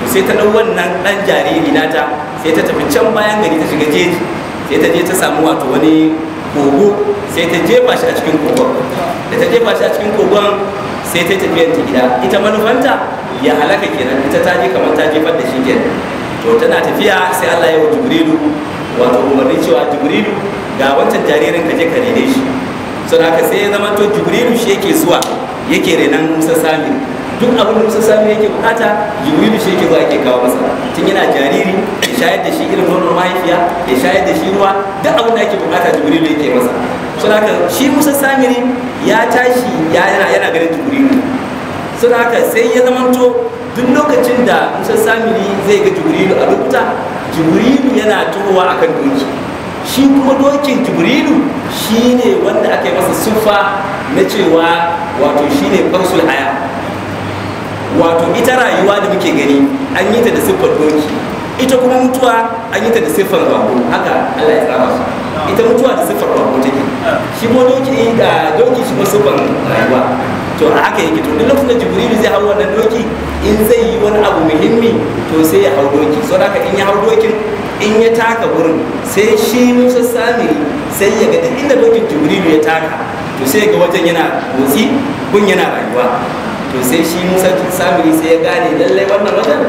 to sai ta ɗau wannan ɗan jariri nata sai ta tafi can bayan gari ta shiga jeji sai ta je ta samu wato wani kogo sai ta jefa shi a cikin kogon da ta jefa shi a cikin kogon sai ta tafiyar ta gida ita manufanta ya halaka kenan ita ta je kamar ta jefar da shi kenan to tana tafiya sai Allah ya wa jibrilu wato umarni cewa jibrilu ga wancan jaririn ka je ka rene shi so da haka sai ya zama to jibrilu shi yake zuwa yake renan musa sami duk abin da musa sami yake bukata jibrilu shi yake zuwa yake kawo masa tun yana jariri ya shayar da shi irin nonon mahaifiya ya shayar da shi ruwa duk abin da yake bukata jibrilu yake masa so da haka shi musa samiri ya tashi yana ganin jibrilu sun haka sai ya to duk lokacin da musa samiri zai ga jibrilu a lokuta jibrilu yana tuhowa akan doki shi kuma dokin jibrilu shi ne wanda aka yi masa sufa na cewa wato shi ne farsul haya wato ita rayuwa da muke gani an yi ta da siffar doki ita kuma mutuwa an yi ta da siffar bambu haka allah ya tsara su ita mutuwa da siffar bambu take shi kuma doki eh, da doki shi kuma siffar rayuwa to a haka yake to duk lokacin da jibril zai hau wannan doki in zai yi wani abu muhimmi to sai ya hau doki so haka in ya hau dokin in ya taka gurin sai shi musa sami sai ya ga duk inda dokin jibril ya taka to sai ga wajen yana motsi gun yana rayuwa to sai shi musa sami sai ya gane lallai wannan wajen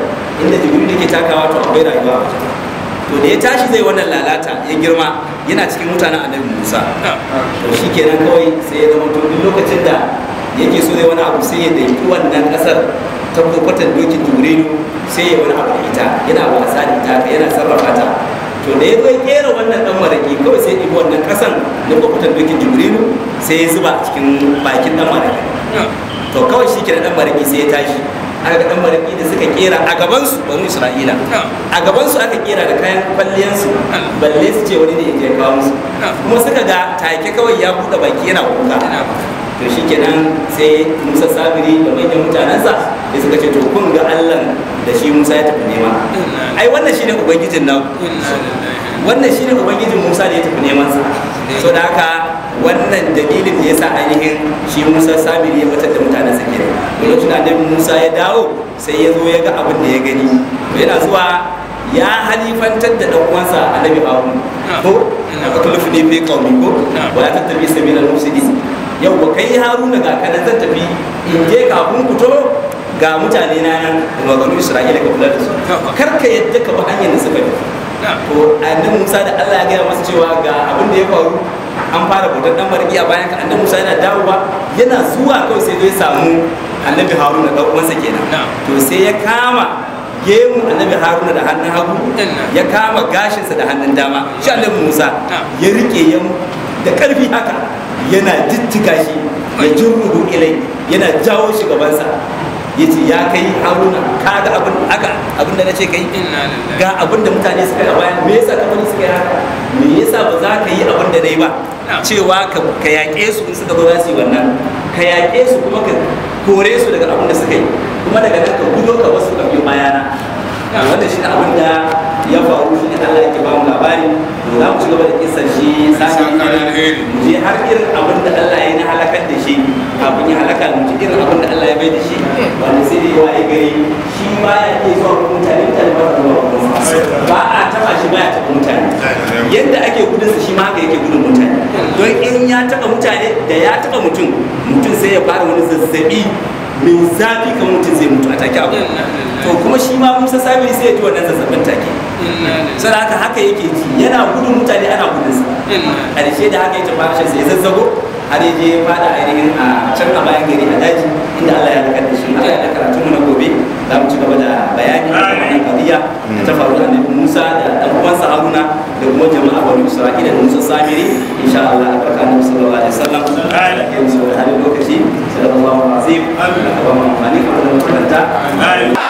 inda jibril yake takawa to akwai rayuwa a wajen to da ya tashi zai wannan lalata ya girma yana cikin mutanen annabi musa to shi kenan kawai sai ya zama duk lokacin da yake so zai wani abu sai ya daiki wannan kasar ta kofatan dokin turinu sai ya wani abu da ita yana wasa da ita yana sarrafa ta to da ya zai kera wannan dan maraki kawai sai ɗibi wannan kasan na kofatan dokin jibrilu sai ya zuba cikin bakin dan maraki to kawai shi kenan dan maraki sai ya tashi aka ga dan mariki da suka kera a gaban su banu isra'ila a gaban su aka kera da kayan kwalliyan su balle su ce wani ne ya kawo musu kuma suka ga take kawai ya buɗe baki yana kuka to shikenan sai Musa Sabiri da manyan mutanensa da suka ce to kun ga Allah da shi Musa ya tafi nema ai wannan shine ubangijin nan wannan shine ubangijin Musa da ya tafi neman sa so da haka wannan dalilin da yasa ainihin shi Musa Samiri ya batar da mutanen sa kenan lokacin da Annabi Musa ya dawo sai ya zo ya ga abin da ya gani yana zuwa ya halifantar da dan uwansa Annabi Harun ko aka kulufu ne fi kaumi ko Ba ta tabi sabila musidin yau ba kai Haruna ga kanan zan tafi in je kafin fito ga mutane na nan maganu Isra'ila ka kula da su kar ka yadda ka bi hanyar da suka bi to Annabi Musa da Allah ya gaya masa cewa ga abin da ya faru an fara bautar dan marigi a bayan ka annabi Musa yana dawowa yana zuwa kawai sai zai samu annabi Haruna dan uwansa kenan to sai ya kama gemu annabi Haruna da hannun hagu ya kama gashinsa da hannun dama shi annabi Musa ya rike ya da karfi haka yana jijjiga shi ya jirrudu ilai yana jawo shi sa. ya ce ya kai haruna ka ga abin aka abin da na ce kai ga abin da mutane suka a baya me yasa kamar suka yi haka me yasa ba za ka yi abin da na yi ba cewa ka yaƙe su in suka zo za su yi wannan ka yaƙe su kuma ka kore su daga abin da suka yi kuma daga nan ka gudo ka wasu ka biyo bayana wanda shi abin da ya faru shi ne Allah yake ba mu labari za mu ci gaba da kisan shi sakan alheri mu je har irin abin da Allah ya na halakar da shi kafin ya halaka mu ji irin abin da Allah ya bai da shi wanda sai da yawa gari shi ba ya ke zuwa mutane ta ba su ba a taba shi ba ya taba mutane yadda ake gudun shi ma haka yake gudun mutane don in ya taba mutane da ya taba mutum mutum sai ya fara wani zazzabi mai zafi kan mutum zai mutu a take abu to kuma shi ma musa sami sai ya ji wannan zazzabin take sai haka haka yake ji yana gudun mutane ana gudun sa ƙarshe da haka yake tafi sai sai zazzago har ya je fada ainihin a can a bayan gari a daji inda Allah ya raka da shi Allah ya karatu mu na gobe za mu ci gaba da bayani da wannan qadiya ta faru da Musa da dan Haruna da kuma jama'a da Musa Samiri insha Allah a barka Annabi sallallahu alaihi wasallam da lokaci sallallahu alaihi wasallam amin amin